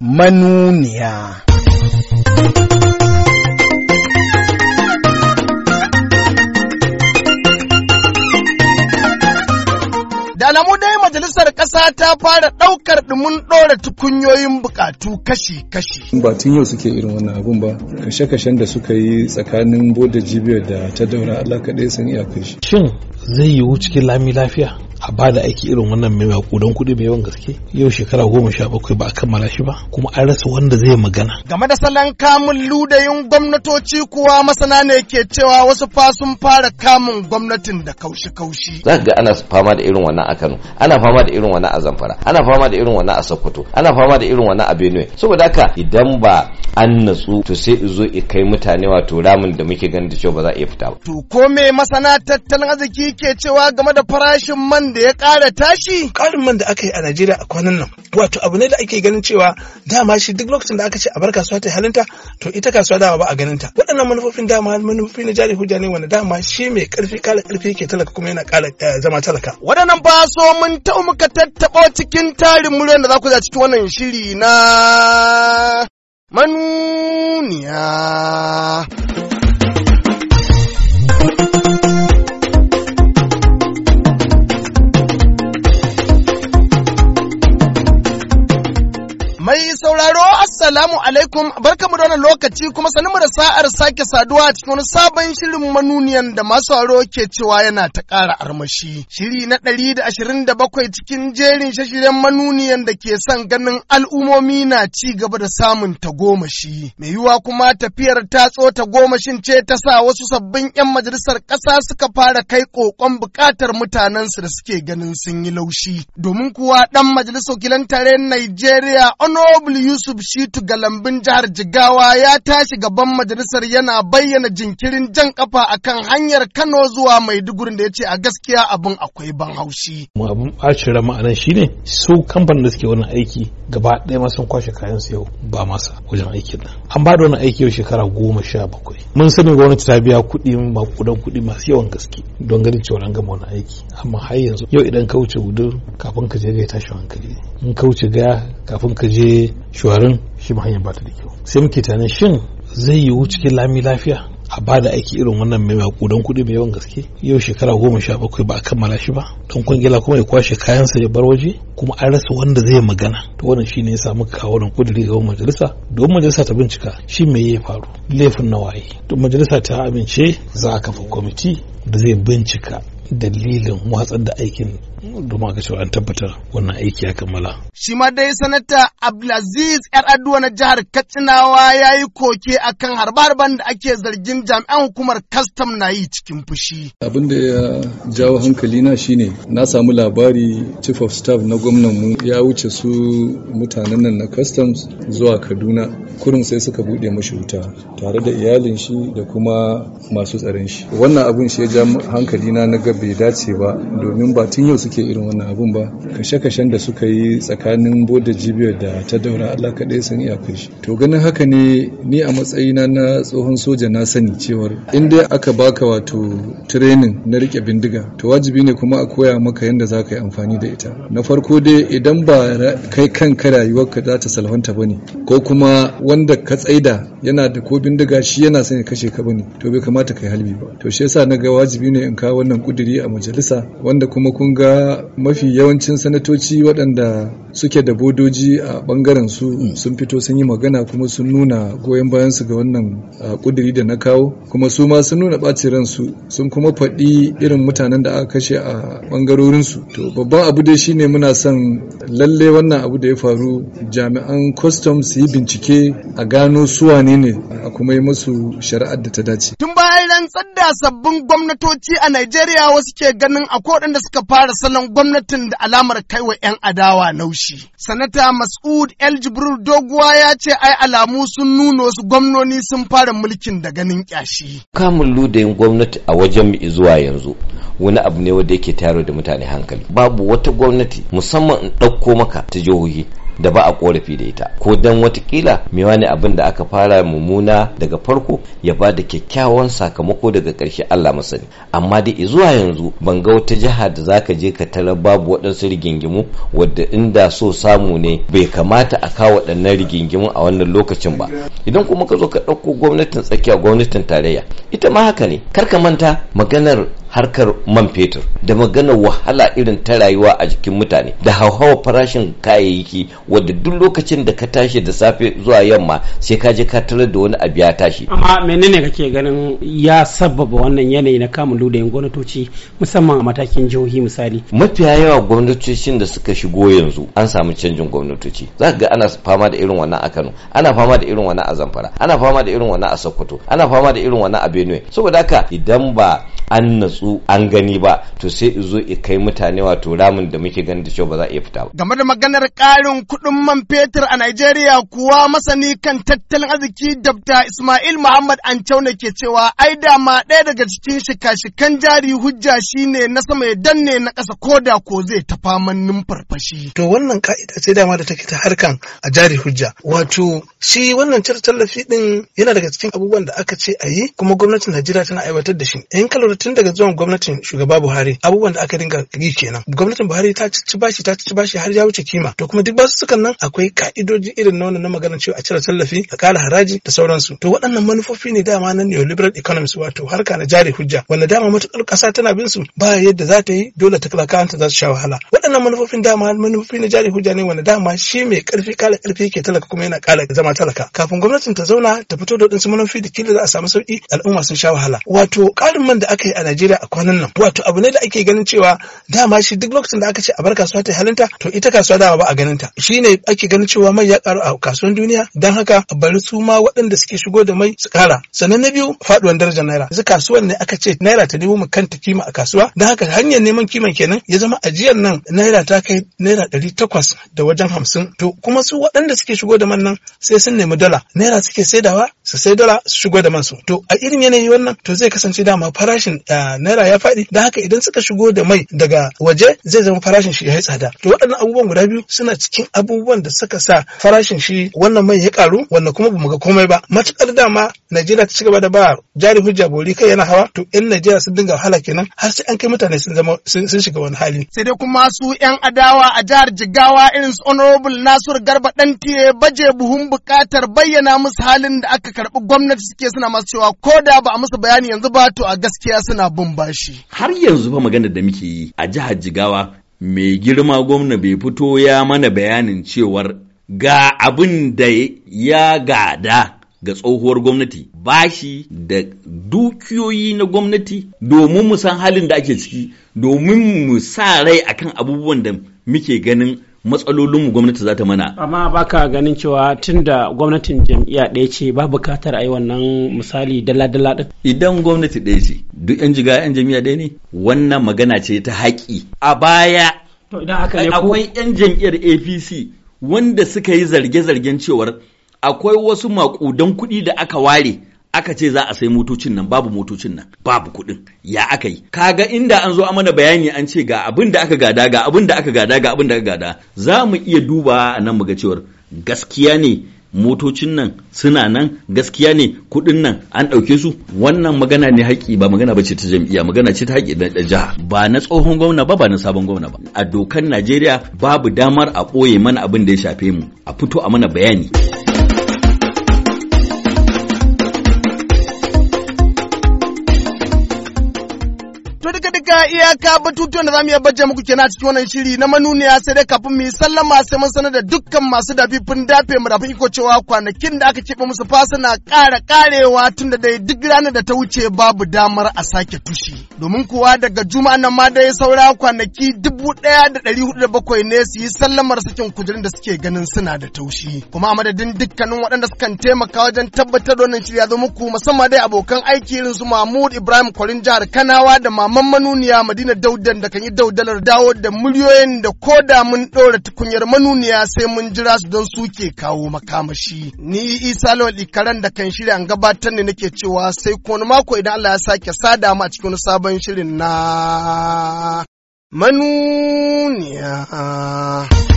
manuniya. Da alamu dai majalisar ƙasa ta fara ɗaukar ɗumin ɗora tukunyoyin buƙatu kashi-kashi. Ba tun yau suke irin wannan abun ba, kashe-kashen da suka yi tsakanin boda jibiyar da ta daura Allah kaɗai sun iya kai shi. Shin zai yiwu cikin lami lafiya? a ba da aiki irin wannan mai makudan kuɗi mai yawan gaske yau shekara goma sha bakwai ba a kammala shi ba kuma an rasa wanda zai magana. game da salon kamun ludayin gwamnatoci kuwa masana ne ke cewa wasu fa sun fara kamun gwamnatin da kaushi-kaushi. za ga ana fama da irin wannan a kano ana fama da irin wannan a zamfara ana fama da irin wannan a sokoto ana fama da irin wannan a benue saboda haka idan ba an natsu to sai zo i kai mutane wato ramin da muke ganin da cewa ba za a iya fita ba. to ko me masana tattalin arziki ke cewa game da farashin man da da ya ƙara tashi? Ƙarin man da aka yi a Najeriya a kwanan nan. Wato abu ne da ake ganin cewa dama shi duk lokacin da aka ce a bar kasuwa ta halinta to ita kasuwa dama ba a ganin ta. Waɗannan manufofin dama manufofi na jari hujja ne wanda dama shi mai ƙarfi ƙara ƙarfi yake talaka kuma yana ƙara eh, zama talaka. Waɗannan ba so mun taɓa muka tattaɓo cikin tarin muryar da za ku za cikin wannan shiri na manuniya. Assalamu alaikum barkamu da wannan lokaci kuma sanin mu da sa'ar sake saduwa a cikin wani sabon shirin manuniyan da masu aro ke cewa yana ta ƙara armashi. Shiri na ɗari da ashirin da bakwai cikin jerin shashiren manuniyan da ke son ganin al'umomi na ci gaba da samun tagomashi. Mai yiwuwa kuma tafiyar tatso ta gomashin ce ta sa wasu sabbin 'yan majalisar ƙasa suka fara kai ƙoƙon buƙatar mutanensu da suke ganin sun yi laushi. Domin kuwa ɗan majalisar wakilan tare Najeriya Honorable Yusuf Shito ga Galambin jihar Jigawa ya tashi gaban majalisar yana bayyana jinkirin jan kafa akan hanyar Kano zuwa Maiduguri da ya ce a gaskiya abin akwai ban haushi. Mu abin ɓacin rama anan ne su kamfanin da suke wannan aiki gaba ɗaya ma sun kwashe kayan su yau ba masa wajen aikin nan. An ba da aiki yau shekara goma sha bakwai. Mun sani wani ta biya kuɗi makudan kuɗi masu yawan gaske don ganin cewa an gama wani aiki. Amma har yanzu yau idan ka wuce gudun kafin ka je ga tashi hankali. In ka wuce gaya kafin ka je shuwarin shi ma hanyar ba ta da kyau sai muke tunanin shin zai yiwu cikin lami lafiya a ba da aiki irin wannan mai makudan kuɗi mai yawan gaske yau shekara goma sha bakwai ba a kammala shi ba don kwangila kuma ya kwashe kayansa ya bar waje kuma an rasa wanda zai magana to wannan shi ne ya samu kawo kudiri ga majalisa don majalisa ta bincika shi mai ya faru laifin nawaye to majalisa ta amince za a kafa kwamiti da zai bincika dalilin watsar da aikin domin aka cewa an tabbatar wannan aiki ya kammala. Shi ma dai sanata Abdulaziz ‘yar aduwa na jihar Katsinawa ya yi koke a kan harbar da ake zargin jami'an hukumar kastam na yi cikin fushi. Abin da ya jawo hankali na shine na samu labari chief of staff na gwamnan mu ya wuce su mutanen nan na customs zuwa Kaduna kurin sai suka buɗe mashi wuta tare da iyalin shi da kuma masu tsaron shi. Wannan abin shi ya ja hankali na na bai dace ba domin ba tun yau suke irin wannan abun ba kashe-kashen da suka yi tsakanin boda jibiyar da ta daura Allah kaɗai sun iya kai shi to ganin haka ne ni a matsayina na tsohon soja na sani cewar in dai aka baka wato training na rike bindiga to wajibi ne kuma a koya maka yadda za ka yi amfani da ita na farko dai idan ba kai kanka ka za ta salwanta ba ne ko kuma wanda ka tsaida yana da ko bindiga shi yana sani kashe ka ba ne to bai kamata ka yi halbi ba to shi yasa na ga wajibi ne in ka wannan ƙuduri a majalisa wanda kuma kun ga mafi yawancin sanatoci waɗanda suke da bodoji a ɓangaren su hmm. sun fito sun yi magana kuma sun nuna goyon bayan su ga wannan ƙuduri da na kawo kuma su ma sun nuna ɓacin ransu sun kuma faɗi irin mutanen da aka kashe a ɓangarorin su to babban abu dai shine muna son lalle wannan abu da ya faru jami'an kwastam su yi bincike a gano su wane ne a kuma yi musu shari'ar da ta dace. bayan rantsar da sabbin gwamnatoci a Najeriya wasu ke ganin akwai waɗanda suka fara salon gwamnatin da alamar kaiwa 'yan adawa naushi. Sanata Mas'ud El Jibril Doguwa ya ce ai alamu sun nuna wasu gwamnoni sun fara mulkin da ganin kyashi. Kamun ludayin gwamnati a wajen mu zuwa yanzu wani abu ne wanda yake tayar da mutane hankali. Babu wata gwamnati musamman in ɗauko maka ta jihohi da ba a korafi da ita ko dan watakila me wani abin da aka fara mummuna daga farko ya ba da kyakkyawan sakamako daga ƙarshe Allah masani amma da zuwa yanzu ban ga wata jiha da zaka je ka tara babu waɗansu rigingimu wadda inda so samu ne bai kamata a kawo waɗannan rigingimu a wannan lokacin ba idan kuma ka zo ka ɗauko gwamnatin tsakiya gwamnatin tarayya ita ma haka ne kar ka manta maganar harkar man fetur da magana wahala irin ta rayuwa a jikin mutane da hauhawa farashin kayayyaki wadda duk lokacin da ka tashi da safe zuwa yamma sai ka je ka tarar da wani abu ya tashi amma menene kake ganin ya sabbaba wannan yanayi na kamun ludayin gwamnatoci musamman a matakin jihohi misali mafiya yawa gwamnatocin da suka shigo yanzu an samu canjin gwamnatoci za ga ana fama da irin wannan a Kano ana fama da irin wannan a Zamfara ana fama da irin wannan a Sokoto ana fama da irin wannan a Benue saboda haka idan ba an natsu an gani ba to sai zo i kai mutane wato ramin da muke ganin da cewa ba za a iya fita ba game da maganar ƙarin kuɗin man fetur a Najeriya kuwa masani kan tattalin arziki Dr. Ismail Muhammad Ancauna ke cewa ai da ma ɗaya daga cikin shika-shikan jari hujja shine na sama ya danne na ƙasa ko da ko zai ta faman numfarfashi to wannan ka'ida ce dama da take ta harkan a jari hujja wato shi wannan cire tallafi din yana daga cikin abubuwan da aka ce a yi kuma gwamnatin Najeriya tana aiwatar da shi in tun daga zuwan gwamnatin shugaba Buhari abubuwan da aka dinga yi kenan. Gwamnatin Buhari ta ci bashi ta ci bashi har ya wuce kima. To kuma duk sukan nan akwai ka'idoji irin na wannan na cewa a cire tallafi, a kara haraji da sauransu. To waɗannan manufofi ne dama na neoliberal economics wato harka na jari hujja wanda dama matuƙar ƙasa tana bin su ba yadda za ta yi dole ta kanta za su sha wahala. Waɗannan manufofin dama manufofi na jari hujja ne wanda dama shi mai ƙarfi kala ƙarfi ke talaka kuma yana kala zama talaka. Kafin gwamnatin ta zauna ta fito da waɗansu manufofi da kila za a samu sauƙi al'umma sun sha wahala. Wato ƙarin man da aka yi a Najeriya a kwanan nan wato abu ne da ake ganin cewa dama shi duk lokacin da aka ce a bar kasuwa ta halinta to ita kasuwa dama ba a ganin ta shi ne ake ganin cewa mai ya karu a kasuwan duniya don haka bari su ma waɗanda suke shigo da mai su kara sannan na biyu faduwan darajar naira yanzu kasuwan ne aka ce naira ta nemo mu kanta kima a kasuwa don haka hanyar neman kiman kenan ya zama ajiyar nan naira ta kai naira ɗari takwas da wajen hamsin to kuma su waɗanda suke shigo da man nan sai sun nemi dala naira suke saidawa su sai dala su shigo da man su to a irin yanayi wannan to zai kasance dama farashin naira ya faɗi da haka idan suka shigo da mai daga waje zai zama farashin shi ya yi tsada to waɗannan abubuwan guda biyu suna cikin abubuwan da suka sa farashin shi wannan mai ya karu wannan kuma bamu ga komai ba matukar dama Najeriya ta cigaba da ba jari hujja bori kai yana hawa to in Najeriya sun dinga wahala kenan har sai an kai mutane sun zama sun shiga wani hali sai dai kuma su yan adawa a jihar Jigawa irin su honorable nasur Garba Dantiye baje buhun bukatar bayyana musu halin da aka karbi gwamnati suke suna masu cewa ko da ba a musu bayani yanzu ba to a gaskiya suna bin bashi. Har yanzu fa maganar da muke yi a jihar Jigawa mai girma gwamna bai fito ya mana bayanin cewar ga abin da ya gada ga tsohuwar gwamnati bashi da dukiyoyi na gwamnati domin mu san halin da ake ciki domin mu sa rai akan abubuwan da muke ganin matsalolinmu gwamnati za ta mana amma baka ganin cewa tun da gwamnatin jam'iyya ɗaya ce ba bukatar a yi wannan misali dala-dala ɗin idan gwamnati ɗaya ce duk yan jiga yan jam'iyya ɗaya ne wannan magana ce ta haƙi a baya akwai yan jam'iyyar apc wanda suka yi zarge-zargen cewar akwai wasu maƙudan kuɗi da aka ware aka ce za a sai motocin nan babu motocin nan babu kuɗin ya aka yi kaga inda an zo mana bayani an ce ga abin da aka gada ga abin da aka gada ga abin da aka gada za mu iya duba a nan muga ga cewar gaskiya ne motocin nan suna nan gaskiya ne kuɗin nan an ɗauke su wannan magana ne haƙƙi ba magana ba ce ta jam'iyya magana ce ta haƙƙi da jiha ba na tsohon gwamna ba ba na sabon gwamna ba a dokan najeriya babu damar a ɓoye mana abin da ya shafe mu a fito a mana bayani. haka iyaka batutuwan da zamu iya bajje muku kenan a cikin wannan shiri na manuniya sai dai kafin mu yi sallama sai mun sanar da dukkan masu dafifin dafe mu dafin iko cewa kwanakin da aka keɓe musu fasana ƙara ƙarewa tun da dai duk ranar da ta wuce babu damar a sake tushi. Domin kuwa daga juma'a nan ma dai saura kwanaki dubu ɗaya da ɗari hudu da bakwai ne su yi sallamar sakin kujerun da suke ganin suna da taushi. Kuma a madadin dukkanin waɗanda sukan taimaka wajen tabbatar da wannan shirya zo muku musamman dai abokan aiki irin su Mahmud Ibrahim Kwarin jihar Kanawa da Maman Manuniya. manuniya madina daudan da kan yi daudalar dawo da miliyoyin da ko da mun ɗora tukunyar manuniya sai mun jira su don suke kawo makamashi ni isa lawal ikaran da kan shirya gabatar ne nake cewa sai kuma mako idan allah ya sake sada mu a cikin sabon shirin na manuniya